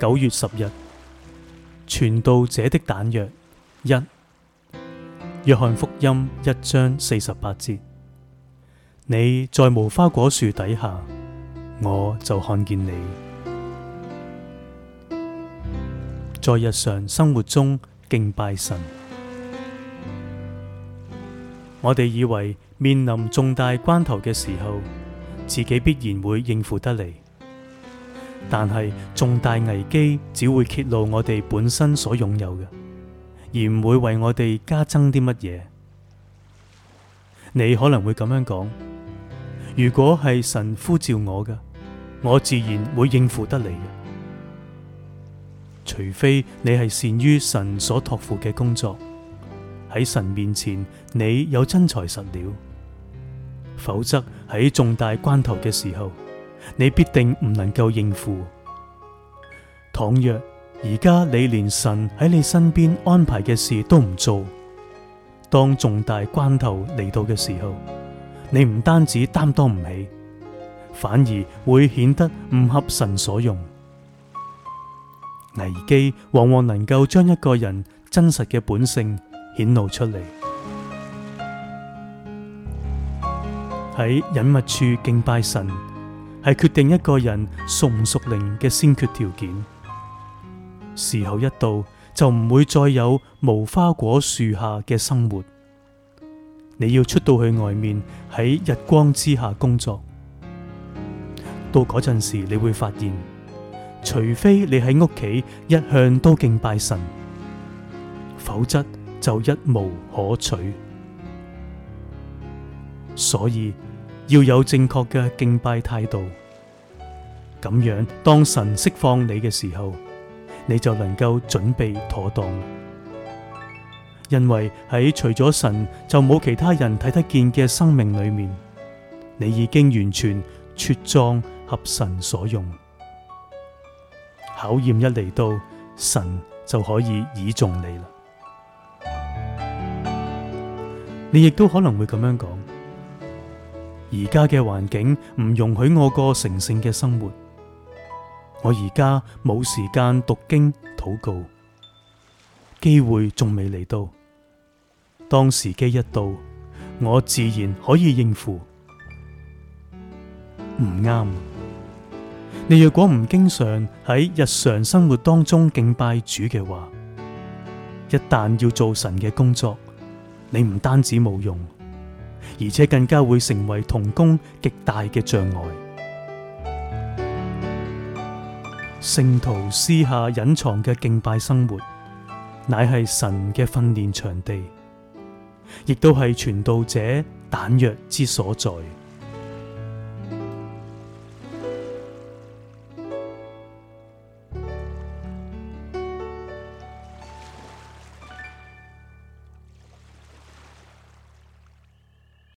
九月十日，傳道者的彈藥，一，約翰福音一章四十八節。你在無花果樹底下，我就看見你。在日常生活中敬拜神，我哋以為面臨重大關頭嘅時候，自己必然會應付得嚟。但係重大危機只會揭露我哋本身所擁有嘅，而唔會為我哋加增啲乜嘢。你可能會咁樣講：如果係神呼召我嘅，我自然會應付得嚟。除非你係善於神所託付嘅工作，喺神面前你有真材實料，否則喺重大關頭嘅時候。你必定唔能夠應付。倘若而家你連神喺你身邊安排嘅事都唔做，當重大關頭嚟到嘅時候，你唔單止擔當唔起，反而會顯得唔合神所用。危機往往能夠將一個人真實嘅本性顯露出嚟。喺隱密處敬拜神。係決定一個人屬唔屬靈嘅先決條件。時候一到，就唔會再有無花果樹下嘅生活。你要出到去外面，喺日光之下工作。到嗰陣時，你會發現，除非你喺屋企一向都敬拜神，否則就一無可取。所以。要有正確嘅敬拜態度，咁樣當神釋放你嘅時候，你就能夠準備妥當。因為喺除咗神就冇其他人睇得見嘅生命裏面，你已經完全脫裝合神所用。考驗一嚟到，神就可以倚重你啦。你亦都可能會咁樣講。而家嘅環境唔容許我過成聖嘅生活，我而家冇時間讀經禱告，機會仲未嚟到。當時機一到，我自然可以應付。唔啱，你若果唔經常喺日常生活當中敬拜主嘅話，一旦要做神嘅工作，你唔單止冇用，而且更加會成為同工極大嘅障礙，聖徒私下隱藏嘅敬拜生活，乃係神嘅訓練場地，亦都係傳道者彈藥之所在。